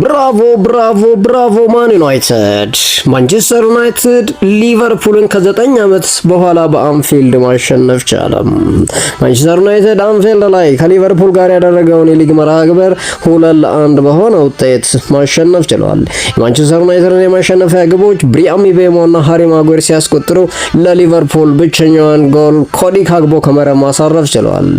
ብራቮ ብራቮ ብራቮ ማን ዩናይትድ ማንቸስተር ዩናይትድ ሊቨርፑልን ከዘጠኝ ዓመት በኋላ በአንፊልድ ማሸነፍ ቻለም። ማንቸስተር ዩናይትድ አንፊልድ ላይ ከሊቨርፑል ጋር ያደረገውን የሊግ መርሃ ግብር ሁለት ለአንድ በሆነ ውጤት ማሸነፍ ችሏል። የማንቸስተር ዩናይትድን የማሸነፊያ ግቦች ብሪያም ቤሞና ሃሪ ማጉዌር ሲያስቆጥሩ ለሊቨርፑል ብቸኛዋን ጎል ኮዲ ካግቦ ከመረብ ማሳረፍ ችሏል።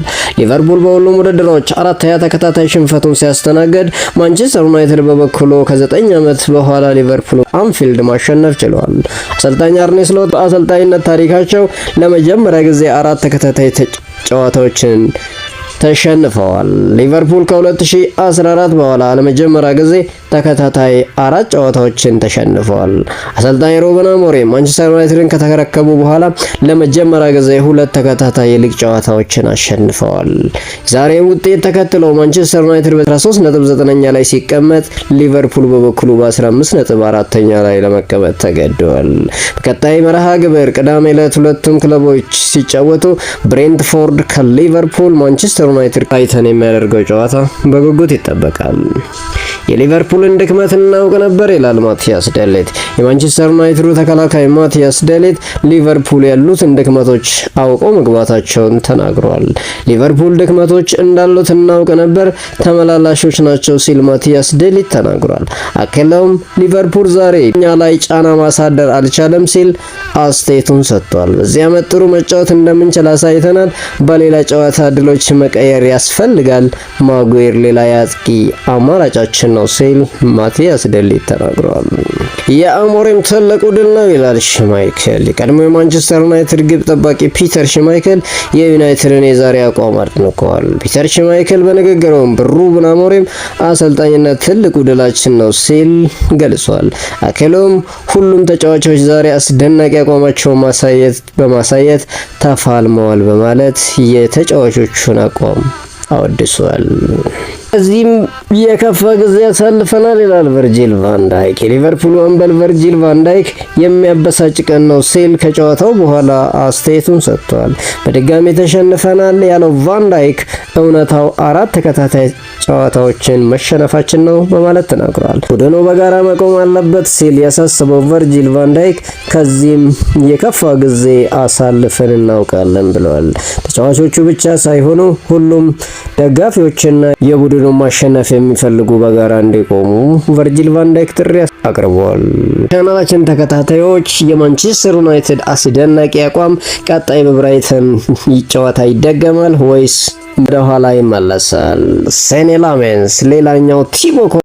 ሊቨርፑል በሁሉም ውድድሮች አራተኛ ተከታታይ ሽንፈቱን ሲያስተናግድ ማንቸስተር ዩናይትድ ዩናይትድ በበኩሉ ከዘጠኝ ዓመት በኋላ ሊቨርፑል አንፊልድ ማሸነፍ ችለዋል። አሰልጣኝ አርኔ ስሎት በአሰልጣኝነት ታሪካቸው ለመጀመሪያ ጊዜ አራት ተከታታይ ጨዋታዎችን ተሸንፈዋል። ሊቨርፑል ከ2014 በኋላ ለመጀመሪያ ጊዜ ተከታታይ አራት ጨዋታዎችን ተሸንፈዋል። አሰልጣኝ ሩበን አሞሪም ማንቸስተር ዩናይትድን ከተረከቡ በኋላ ለመጀመሪያ ጊዜ ሁለት ተከታታይ የሊግ ጨዋታዎችን አሸንፈዋል። ዛሬም ውጤት ተከትሎ ማንቸስተር ዩናይትድ በ13 ነጥብ 9ኛ ላይ ሲቀመጥ፣ ሊቨርፑል በበኩሉ በ15 ነጥብ አራተኛ ላይ ለመቀመጥ ተገደዋል። በቀጣይ መርሃ ግብር ቅዳሜ ዕለት ሁለቱም ክለቦች ሲጫወቱ ብሬንትፎርድ ከሊቨርፑል ማንቸስተር ዩናይትድ አይተን የሚያደርገው ጨዋታ በጉጉት ይጠበቃል። የሊቨርፑልን ድክመት እናውቅ ነበር ይላል ማቲያስ ደሌት። የማንቸስተር ዩናይትዱ ተከላካይ ማቲያስ ደሌት ሊቨርፑል ያሉትን ድክመቶች አውቀው መግባታቸውን ተናግሯል። ሊቨርፑል ድክመቶች እንዳሉት እናውቅ ነበር፣ ተመላላሾች ናቸው ሲል ማቲያስ ደሌት ተናግሯል። አክለውም ሊቨርፑል ዛሬ እኛ ላይ ጫና ማሳደር አልቻለም ሲል አስተያየቱን ሰጥቷል። በዚህ ዓመት ጥሩ መጫወት እንደምንችል አሳይተናል። በሌላ ጨዋታ ድሎች መቀየር ያስፈልጋል። ማጉዌር ሌላ የአጥቂ አማራጫችን ነው ሲል ማቲያስ ደሊ ተናግረዋል። የአሞሪም ትልቁ ድል ነው ይላል ሽማይከል። የቀድሞው የማንቸስተር ዩናይትድ ግብ ጠባቂ ፒተር ሽማይከል የዩናይትድን የዛሬ አቋም አድንቀዋል። ፒተር ሽማይከል በንግግረውም በሩበን አሞሪም አሰልጣኝነት ትልቁ ድላችን ነው ሲል ገልጿል። አክሎም ሁሉም ተጫዋቾች ዛሬ አስደናቂ አቋማቸውን ማሳየት በማሳየት ተፋልመዋል በማለት የተጫዋቾቹን አቋም አወድሷል። እዚህም የከፋ ጊዜ ያሳልፈናል ይላል ቨርጂል ቫንዳይክ። የሊቨርፑል አምበል ቨርጂል ቫንዳይክ የሚያበሳጭ ቀን ነው ሲል ከጨዋታው በኋላ አስተያየቱን ሰጥቷል። በድጋሚ ተሸንፈናል ያለው ቫንዳይክ እውነታው አራት ተከታታይ ጨዋታዎችን መሸነፋችን ነው በማለት ተናግሯል። ቡድኑ በጋራ መቆም አለበት ሲል ያሳስበው ቨርጂል ቫንዳይክ ከዚህም የከፋ ጊዜ አሳልፈን እናውቃለን ብለዋል። ተጫዋቾቹ ብቻ ሳይሆኑ ሁሉም ደጋፊዎችና የቡድኑ ሁሉንም ማሸነፍ የሚፈልጉ በጋራ እንዲቆሙ ቨርጂል ቫንዳይክ ጥሪ አቅርቧል። ቻናላችን ተከታታዮች የማንቸስተር ዩናይትድ አስደናቂ አቋም ቀጣይ በብራይተን ጨዋታ ይደገማል ወይስ ወደኋላ ኋላ ይመለሳል? ሴኔ ላሜንስ ሌላኛው ቲቦ